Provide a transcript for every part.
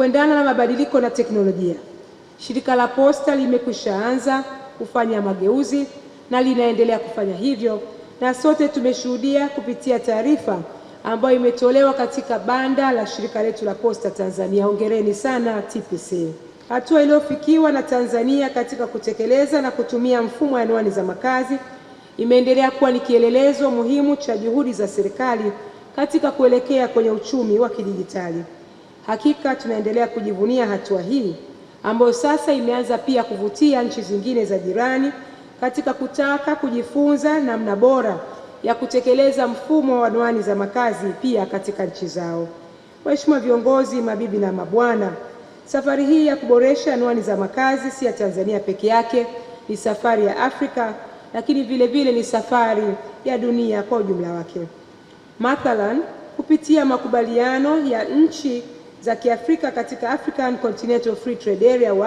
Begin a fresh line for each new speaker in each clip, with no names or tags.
kuendana na mabadiliko na teknolojia, shirika la posta limekwishaanza kufanya mageuzi na linaendelea kufanya hivyo, na sote tumeshuhudia kupitia taarifa ambayo imetolewa katika banda la shirika letu la posta Tanzania. Hongereni sana TPC. Hatua iliyofikiwa na Tanzania katika kutekeleza na kutumia mfumo wa anwani za makazi imeendelea kuwa ni kielelezo muhimu cha juhudi za serikali katika kuelekea kwenye uchumi wa kidijitali. Hakika tunaendelea kujivunia hatua hii ambayo sasa imeanza pia kuvutia nchi zingine za jirani katika kutaka kujifunza namna bora ya kutekeleza mfumo wa anwani za makazi pia katika nchi zao. Waheshimiwa viongozi, mabibi na mabwana, safari hii ya kuboresha anwani za makazi si ya Tanzania peke yake, ni safari ya Afrika, lakini vile vile ni safari ya dunia kwa ujumla wake. Mathalan, kupitia makubaliano ya nchi za Kiafrika katika African Continental Free Trade Area au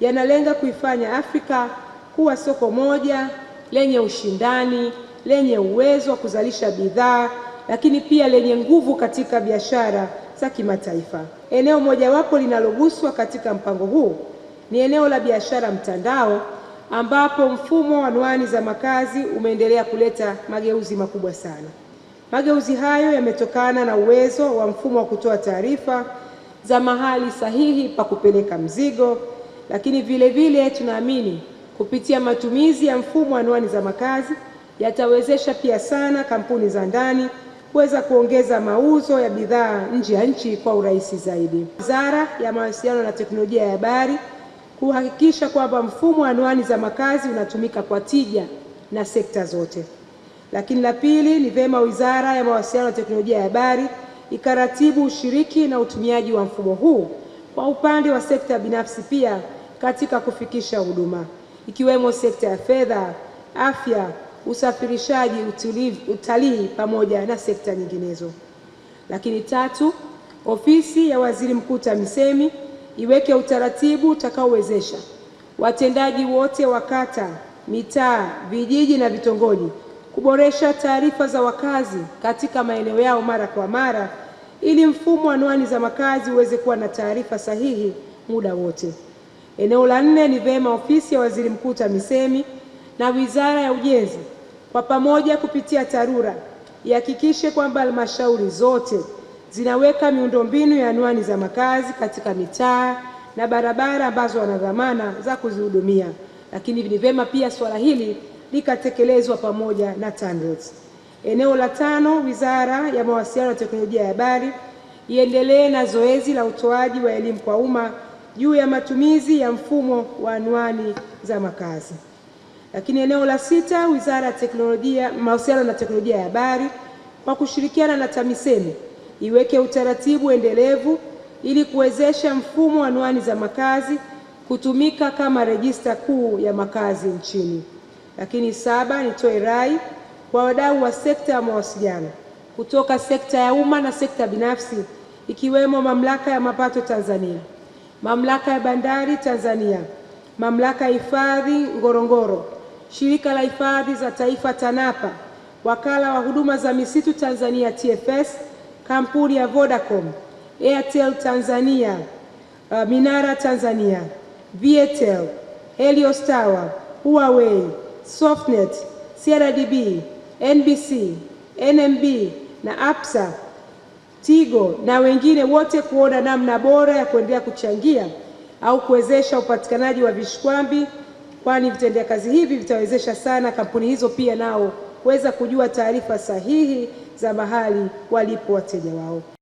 yanalenga kuifanya Afrika kuwa soko moja lenye ushindani, lenye uwezo wa kuzalisha bidhaa, lakini pia lenye nguvu katika biashara za kimataifa. Eneo mojawapo linaloguswa katika mpango huu ni eneo la biashara mtandao ambapo mfumo wa anwani za makazi umeendelea kuleta mageuzi makubwa sana. Mageuzi hayo yametokana na uwezo wa mfumo wa kutoa taarifa za mahali sahihi pa kupeleka mzigo, lakini vile vile tunaamini kupitia matumizi ya mfumo anwani za makazi yatawezesha pia sana kampuni za ndani kuweza kuongeza mauzo ya bidhaa nje ya nchi kwa urahisi zaidi. Wizara ya Mawasiliano na Teknolojia ya Habari kuhakikisha kwamba mfumo anwani za makazi unatumika kwa tija na sekta zote. Lakini la pili ni vyema Wizara ya Mawasiliano na Teknolojia ya Habari ikaratibu ushiriki na utumiaji wa mfumo huu kwa upande wa sekta binafsi pia katika kufikisha huduma ikiwemo sekta ya fedha, afya, usafirishaji, utalii pamoja na sekta nyinginezo. Lakini tatu, ofisi ya Waziri Mkuu TAMISEMI iweke utaratibu utakaowezesha watendaji wote wa kata, mitaa, vijiji na vitongoji kuboresha taarifa za wakazi katika maeneo yao mara kwa mara ili mfumo anwani za makazi uweze kuwa na taarifa sahihi muda wote. Eneo la nne ni vema ofisi ya Waziri Mkuu TAMISEMI na Wizara ya Ujenzi kwa pamoja kupitia TARURA ihakikishe kwamba halmashauri zote zinaweka miundombinu ya anwani za makazi katika mitaa na barabara ambazo wana dhamana za kuzihudumia. Lakini ni vyema pia suala hili ikatekelezwa pamoja na TANROADS. Eneo la tano, Wizara ya Mawasiliano na Teknolojia ya Habari iendelee na zoezi la utoaji wa elimu kwa umma juu ya matumizi ya mfumo wa anwani za makazi. Lakini eneo la sita, Wizara ya Teknolojia, Mawasiliano na Teknolojia ya Habari kwa kushirikiana na TAMISEMI iweke utaratibu endelevu ili kuwezesha mfumo wa anwani za makazi kutumika kama rejista kuu ya makazi nchini. Lakini saba, nitoe rai kwa wadau wa sekta ya mawasiliano kutoka sekta ya umma na sekta binafsi ikiwemo mamlaka ya mapato Tanzania, mamlaka ya bandari Tanzania, mamlaka ya hifadhi Ngorongoro, shirika la hifadhi za taifa TANAPA, wakala wa huduma za misitu Tanzania TFS, kampuni ya Vodacom, Airtel Tanzania, uh, Minara Tanzania, Vietel, Helios Tower, Huawei SoftNet, CRDB, NBC, NMB na APSA, Tigo na wengine wote kuona namna bora ya kuendelea kuchangia au kuwezesha upatikanaji wa vishikwambi, kwani vitendea kazi hivi vitawezesha sana kampuni hizo pia nao kuweza kujua taarifa sahihi za mahali walipo wateja wao.